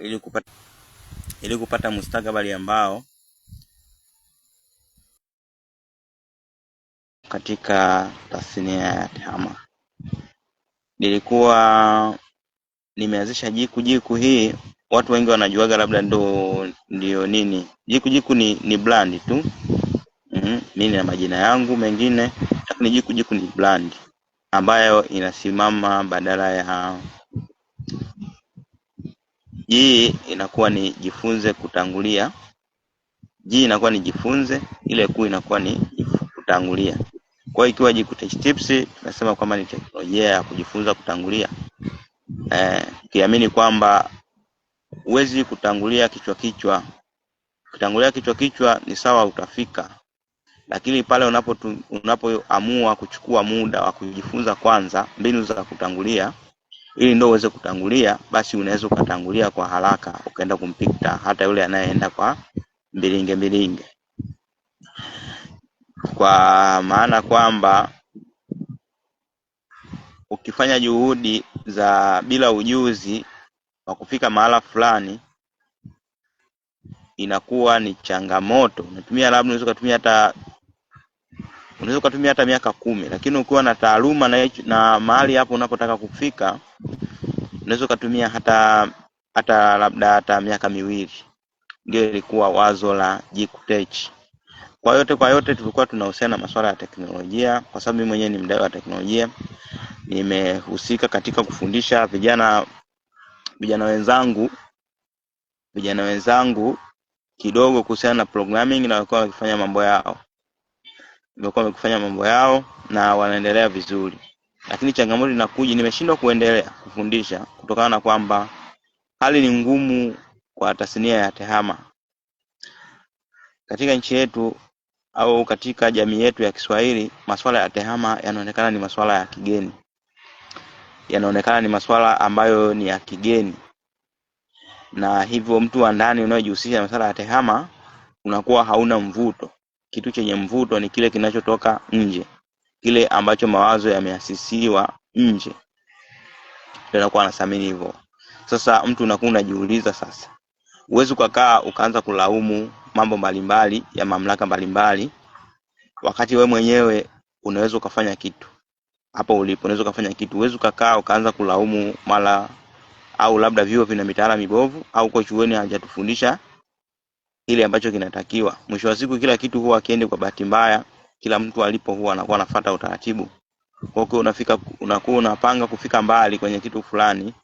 ili kupata, ili kupata mustakabali ambao katika tasnia ya TEHAMA nilikuwa nimeanzisha Jiku Jiku. Hii watu wengi wanajuaga, labda ndo ndio nini Jiku Jiku ni, ni brand tu mm -hmm. Mimi na majina yangu mengine, lakini Jiku Jiku ni brand ambayo inasimama badala ya J inakuwa ni jifunze kutangulia. J inakuwa ni jifunze, ile kuu inakuwa ni kutangulia. Kwa hiyo ikiwa jikutash tips tunasema kwamba ni teknolojia ya kujifunza kutangulia, eh, ukiamini eh, kwamba huwezi kutangulia kichwa kichwa. Kutangulia kichwa kichwa ni sawa, utafika, lakini pale unapoamua unapo kuchukua muda wa kujifunza kwanza mbinu za kutangulia ili ndio uweze kutangulia, basi unaweza ukatangulia kwa haraka ukaenda kumpikta hata yule anayeenda kwa mbilinge mbilinge, kwa maana kwamba ukifanya juhudi za bila ujuzi wa kufika mahala fulani inakuwa ni changamoto. Unatumia labda unaweza ukatumia hata unaweza ukatumia hata miaka kumi, lakini ukiwa na taaluma na, na mahali hapo unapotaka kufika unaweza ukatumia hata hata labda hata miaka miwili. Ndio ilikuwa wazo la jikutechi Kwa yote kwa yote, tulikuwa tunahusiana na masuala ya teknolojia, kwa sababu mimi mwenyewe ni mdau wa teknolojia. Nimehusika katika kufundisha vijana vijana wenzangu vijana wenzangu kidogo kuhusiana na programming na walikuwa wakifanya mambo yao wamekuwa wamekufanya mambo yao na wanaendelea vizuri, lakini changamoto inakuja, nimeshindwa kuendelea kufundisha kutokana na kwamba hali ni ngumu kwa tasnia ya tehama katika nchi yetu au katika jamii yetu ya Kiswahili. Masuala ya tehama yanaonekana ni masuala ya kigeni, yanaonekana ni masuala ambayo ni ya kigeni, na hivyo mtu wa ndani unayojihusisha na masuala ya tehama unakuwa hauna mvuto kitu chenye mvuto ni kile kinachotoka nje, kile ambacho mawazo yameasisiwa nje, ndio anakuwa anathamini hivyo. Sasa mtu unakuwa unajiuliza sasa, huwezi ukakaa ukaanza kulaumu mambo mbalimbali ya mamlaka mbalimbali, wakati we mwenyewe unaweza ukafanya kitu hapo ulipo, unaweza ukafanya kitu. Huwezi ukakaa ukaanza kulaumu mara, au labda vyuo vina mitaala mibovu, au chuoni hajatufundisha kile ambacho kinatakiwa. Mwisho wa siku kila kitu huwa kiende kwa bahati mbaya, kila mtu alipo huwa anakuwa anafuata utaratibu. Kwa hiyo unafika, unakuwa unapanga kufika mbali kwenye kitu fulani,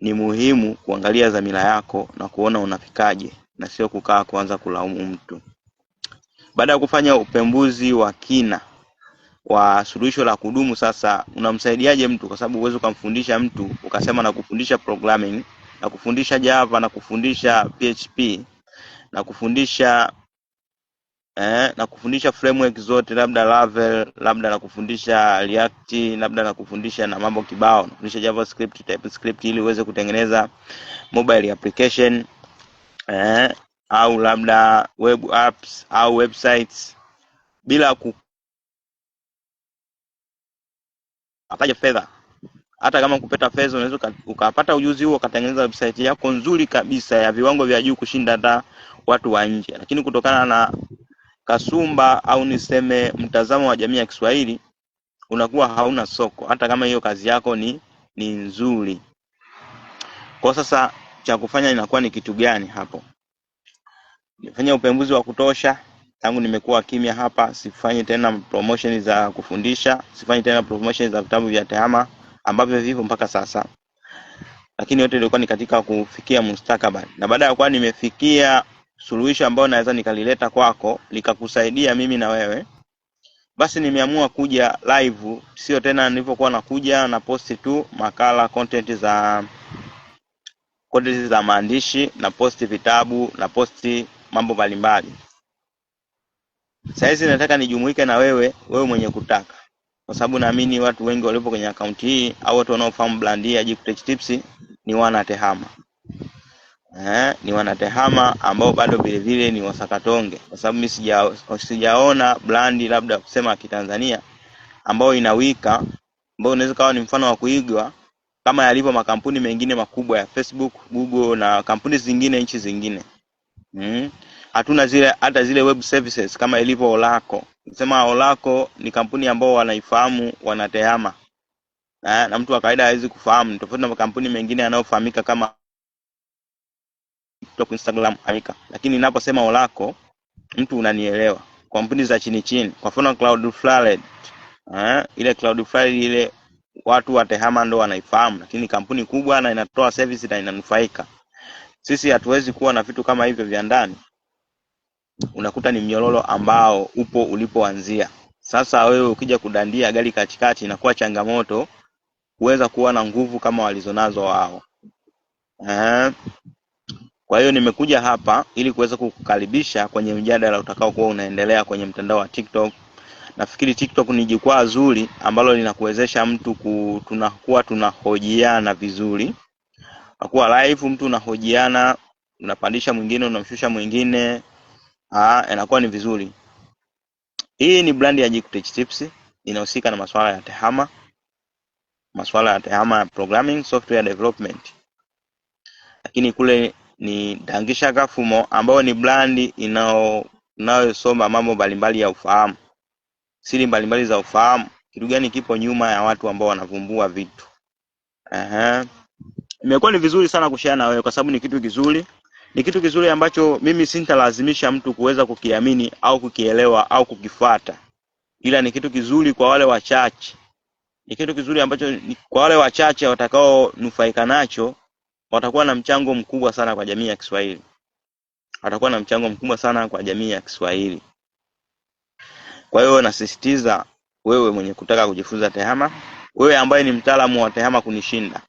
ni muhimu kuangalia dhamira yako na kuona unafikaje, na sio kukaa kuanza kulaumu mtu. Baada ya kufanya upembuzi wa kina wa suluhisho la kudumu, sasa unamsaidiaje mtu? Kwa sababu huwezi ukamfundisha mtu ukasema na kufundisha programming na kufundisha Java na kufundisha PHP na kufundisha eh, na kufundisha framework zote, labda Laravel, labda na kufundisha React, labda na kufundisha na mambo kibao, nafundisha JavaScript, TypeScript ili uweze kutengeneza mobile application eh, au labda web apps au websites bila ku ataja fedha hata kama kupata fedha unaweza ukapata ujuzi huo ukatengeneza website yako nzuri kabisa ya viwango vya juu kushinda hata watu wa nje, lakini kutokana na kasumba au niseme mtazamo wa jamii ya Kiswahili unakuwa hauna soko, hata kama hiyo kazi yako ni ni nzuri. Kwa sasa cha kufanya inakuwa ni kitu gani hapo? Nifanye upembuzi wa kutosha tangu nimekuwa kimya hapa, sifanye tena promotion za kufundisha, sifanye tena promotion za vitabu vya tehama ambavyo vipo mpaka sasa, lakini yote ilikuwa ni katika kufikia mustakabali, na baada ya kuwa nimefikia suluhisho ambayo naweza nikalileta kwako likakusaidia mimi na wewe, basi nimeamua kuja live, sio tena nilivyokuwa nakuja na posti tu makala content za content za maandishi na posti vitabu na posti mambo mbalimbali. Sasa hizi nataka nijumuike na wewe, wewe mwenye kutaka kwa sababu naamini watu wengi waliopo kwenye akaunti hii au watu wanaofahamu brand hii ya Jikutech Tips ni wanatehama eh, ni wanatehama ambao bado vile vile ni wasakatonge, kwa sababu mimi sija, sijaona brand labda kusema kitanzania ambayo inawika ambayo unaweza kawa ni mfano wa kuigwa kama yalivyo makampuni mengine makubwa ya Facebook, Google na kampuni zingine nchi zingine mm. Hatuna zile hata zile web services kama ilivyo Oracle sema Oracle ni kampuni ambao wanaifahamu wanatehama na, na mtu wa kawaida hawezi kufahamu, tofauti na makampuni mengine yanayofahamika kama TikTok, Instagram hamika. Lakini ninaposema Oracle mtu unanielewa, kampuni za chini chini, kwa mfano Cloudflare eh, ile Cloudflare ile watu wa tehama ndo wanaifahamu, lakini kampuni kubwa na inatoa service na inanufaika. Sisi hatuwezi kuwa na vitu kama hivyo vya ndani unakuta ni mnyororo ambao upo ulipoanzia. Sasa wewe ukija kudandia gari katikati, inakuwa changamoto kuweza kuwa na nguvu kama walizonazo wao. Kwa hiyo nimekuja hapa ili kuweza kukukaribisha kwenye mjadala utakaokuwa unaendelea kwenye mtandao wa TikTok. Nafikiri TikTok ni jukwaa zuri ambalo linakuwezesha mtu ku, tunakuwa tunahojiana vizuri, akuwa live, mtu unahojiana, unapandisha mwingine, unamshusha mwingine aa, ah, inakuwa ni vizuri. Hii ni brand ya Jikuteach Tips, inahusika na masuala ya tehama, masuala ya tehama ya programming software development, lakini kule ni Dangisha Kafumo ambayo ni brand inao inayosoma mambo mbalimbali ya ufahamu, siri mbalimbali za ufahamu, kitu gani kipo nyuma ya watu ambao wanavumbua vitu. Aha. Imekuwa ni vizuri sana kushare na wewe kwa sababu ni kitu kizuri ni kitu kizuri ambacho mimi sintalazimisha mtu kuweza kukiamini au kukielewa au kukifata ila ni kitu kizuri kwa wale wachache, ni kitu kizuri ambacho kwa wale wachache watakaonufaika nacho watakuwa na mchango mkubwa sana kwa jamii ya Kiswahili, watakuwa na mchango mkubwa sana kwa jamii ya Kiswahili. Kwa hiyo nasisitiza wewe mwenye kutaka kujifunza tehama, wewe ambaye ni mtaalamu wa tehama kunishinda,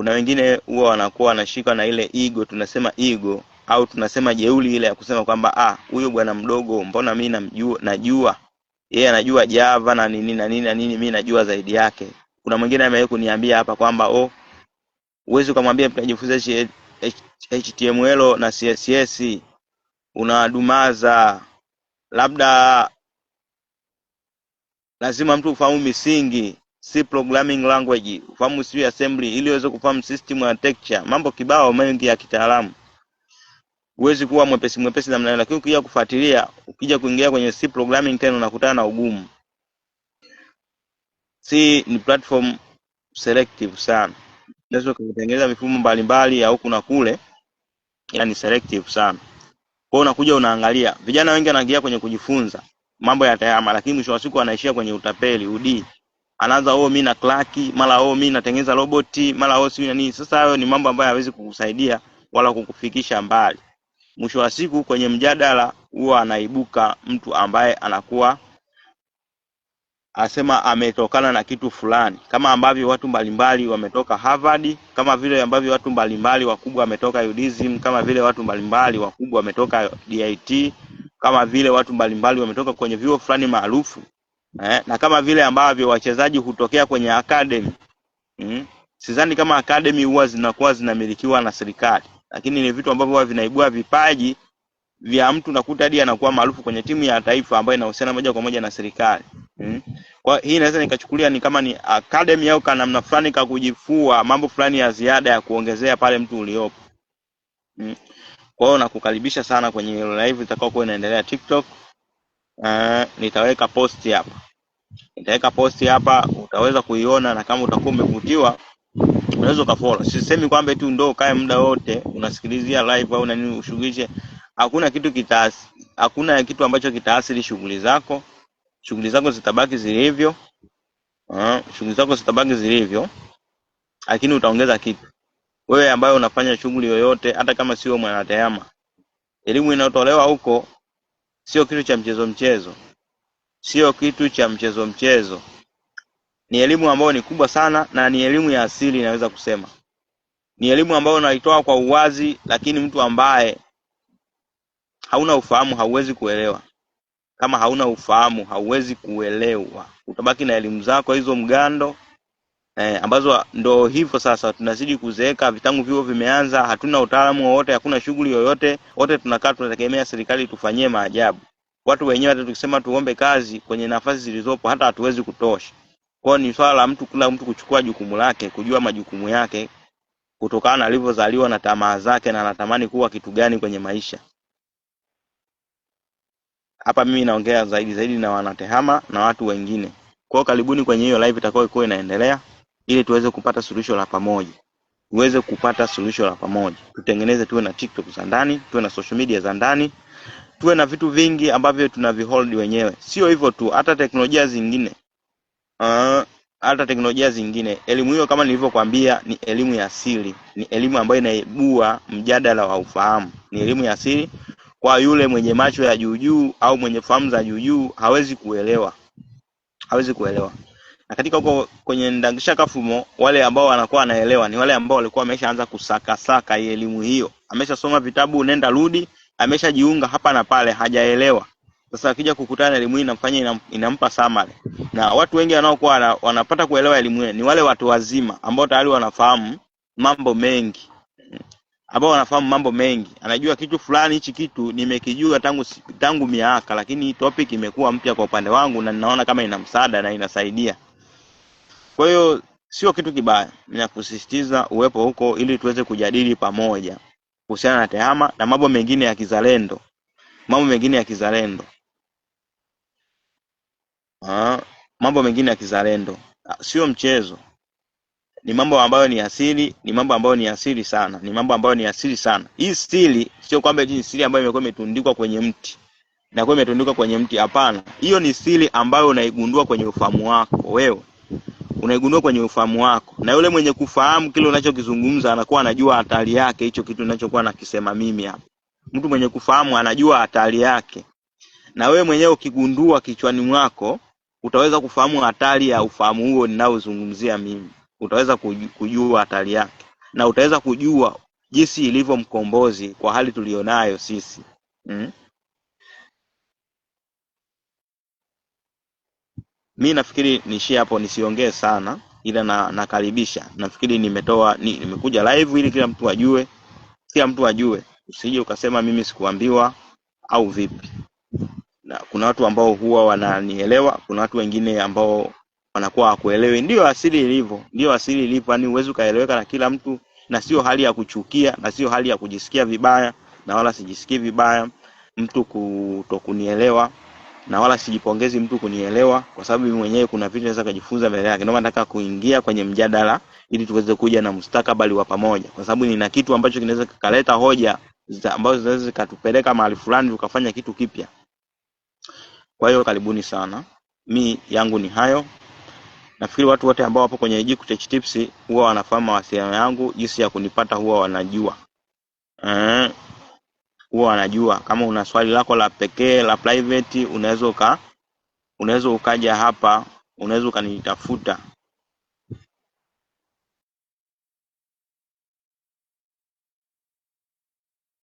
kuna wengine huwa wanakuwa wanashika na ile ego tunasema ego au tunasema jeuli ile ya kusema kwamba ah huyo bwana mdogo mbona mi namjua najua yeye yeah, anajua java na nini na nini na nini mi najua zaidi yake kuna mwingine amewahi kuniambia hapa kwamba oh huwezi ukamwambia mtajifunza html na css unadumaza labda lazima mtu ufahamu misingi C programming language, ufahamu C assembly ili uweze kufahamu system architecture, mambo kibao mengi ya kitaalamu. Huwezi kuwa mwepesi mwepesi namna hiyo, lakini ukija kufuatilia, ukija kuingia kwenye C programming tena unakutana na ugumu. C ni platform selective sana, unaweza kutengeneza mifumo mbalimbali ya huku na kule, ila ni selective sana. Kwa hiyo unakuja unaangalia, vijana wengi wanaingia kwenye kujifunza mambo ya tayama, lakini mwisho wa siku wanaishia kwenye utapeli udii anaanza oh, mimi na Clark, mara oh, mimi natengeneza roboti, mara oh, sijui nini. Sasa hayo ni mambo ambayo hayawezi kukusaidia wala kukufikisha mbali. Mwisho wa siku kwenye mjadala huwa anaibuka mtu ambaye anakuwa asema ametokana na kitu fulani, kama ambavyo watu mbalimbali wametoka Harvard, kama vile ambavyo watu mbalimbali wakubwa wametoka Udism, kama vile watu mbalimbali wakubwa wametoka DIT, kama vile watu mbalimbali wametoka kwenye vyuo fulani maarufu eh, na kama vile ambavyo wachezaji hutokea kwenye academy mm, sidhani kama academy huwa zinakuwa zinamilikiwa na serikali, lakini ni vitu ambavyo vinaibua vipaji vya mtu, nakuta hadi anakuwa maarufu kwenye timu ya taifa ambayo inahusiana moja kwa moja na serikali mm. Kwa hii naweza nikachukulia ni kama ni academy au kana namna fulani ka kujifua mambo fulani ya ziada ya kuongezea pale mtu uliopo mm. Kwa hiyo nakukaribisha sana kwenye live itakao kuwa inaendelea TikTok eh, nitaweka posti hapa, nitaweka posti hapa, utaweza kuiona, na kama utakuwa umevutiwa unaweza ukafollow. Sisemi kwamba tu ndo ukae muda wote unasikilizia live au nani ushughulishe, hakuna kitu kitaasi, hakuna kitu ambacho kitaathiri shughuli zako. Shughuli zako zitabaki zilivyo, uh, shughuli zako zitabaki zilivyo, lakini utaongeza kitu wewe ambaye unafanya shughuli yoyote, hata kama sio mwanatayama, Elimu inayotolewa huko sio kitu cha mchezo mchezo, sio kitu cha mchezo mchezo. Ni elimu ambayo ni kubwa sana na ni elimu ya asili, inaweza kusema ni elimu ambayo naitoa kwa uwazi, lakini mtu ambaye hauna ufahamu hauwezi kuelewa. Kama hauna ufahamu hauwezi kuelewa, utabaki na elimu zako hizo mgando eh, ambazo ndo hivyo sasa, tunazidi kuzeeka, vitangu vivyo vimeanza, hatuna utaalamu wowote, hakuna shughuli yoyote, wote tunakaa tunategemea serikali tufanyie maajabu. Watu wenyewe hata tukisema tuombe kazi kwenye nafasi zilizopo, hata hatuwezi kutosha. Kwao ni swala la mtu, kila mtu kuchukua jukumu lake, kujua majukumu yake kutokana na alivyozaliwa na tamaa zake, na anatamani kuwa kitu gani kwenye maisha. Hapa mimi naongea zaidi zaidi na wanatehama na watu wengine. Kwao karibuni kwenye hiyo live itakayokuwa inaendelea ili tuweze kupata suluhisho la pamoja tuweze kupata suluhisho la pamoja tutengeneze tuwe na tiktok za ndani tuwe na social media za ndani tuwe na vitu vingi ambavyo tunavihold wenyewe sio hivyo tu hata teknolojia zingine uh, hata teknolojia zingine elimu hiyo kama nilivyokwambia ni elimu ya asili ni elimu ambayo inaibua mjadala wa ufahamu ni elimu ya asili kwa yule mwenye macho ya juujuu au mwenye fahamu za juujuu hawezi kuelewa hawezi kuelewa na katika huko kwenye ndagisha kafumo, wale ambao wanakuwa wanaelewa ni wale ambao walikuwa wameshaanza kusakasaka elimu hiyo, ameshasoma vitabu nenda rudi, ameshajiunga hapa na pale, hajaelewa. Sasa akija kukutana na elimu hii inamfanya inampa samale na watu wengi wanaokuwa wanapata kuelewa elimu ni wale watu wazima ambao tayari wanafahamu mambo mengi ambao wanafahamu mambo mengi, anajua kitu fulani, hichi kitu nimekijua tangu tangu miaka, lakini topic imekuwa mpya kwa upande wangu, na ninaona kama ina msaada na inasaidia. Kwa hiyo sio kitu kibaya, ninakusisitiza uwepo huko ili tuweze kujadili pamoja kuhusiana na tehama na mambo mengine ya kizalendo, mambo mengine ya kizalendo ha, mambo mengine ya kizalendo, ah, sio mchezo. Ni mambo ambayo ni asili, ni mambo ambayo ni asili sana, ni mambo ambayo ni asili sana. Hii stili sio kwamba ni stili ambayo imekuwa imetundikwa kwenye mti na kwa imetundikwa kwenye mti. Hapana, hiyo ni stili ambayo unaigundua kwenye ufahamu wako wewe unaigundua kwenye ufahamu wako, na yule mwenye kufahamu kile unachokizungumza anakuwa anajua hatari yake, hicho kitu ninachokuwa nakisema mimi hapa. Mtu mwenye kufahamu anajua hatari yake, na wewe mwenyewe ukigundua kichwani mwako utaweza kufahamu hatari ya ufahamu huo ninaozungumzia mimi. Utaweza kujua hatari yake na utaweza kujua jinsi ilivyo mkombozi kwa hali tuliyonayo sisi mm. mi nafikiri niishie hapo nisiongee sana ila na nakaribisha nafikiri nimetoa ni, nimekuja live ili kila mtu ajue kila mtu ajue usije ukasema mimi sikuambiwa au vipi na kuna watu ambao huwa wananielewa kuna watu wengine ambao wanakuwa hawakuelewi ndio asili ilivyo ndio asili ilivyo yani huwezi ukaeleweka na kila mtu na sio hali ya kuchukia na sio hali ya kujisikia vibaya na wala sijisikii vibaya mtu kutokunielewa na wala sijipongezi mtu kunielewa, kwa sababu mimi mwenyewe kuna vitu naweza kujifunza mbele yake. Ndio nataka kuingia kwenye mjadala ili tuweze kuja na mustakabali wa pamoja, kwa sababu nina kitu ambacho kinaweza kikaleta hoja ambazo zinaweza zikatupeleka mahali fulani tukafanya kitu kipya. Kwa hiyo karibuni sana, mi yangu ni hayo. Nafikiri watu wote ambao wapo kwenye Jikuteach Tips huwa wanafahamu mawasiliano yangu, jinsi ya kunipata huwa wanajua eh huwa wanajua kama una swali lako la pekee la private unaweza uka unaweza ukaja hapa unaweza ukanitafuta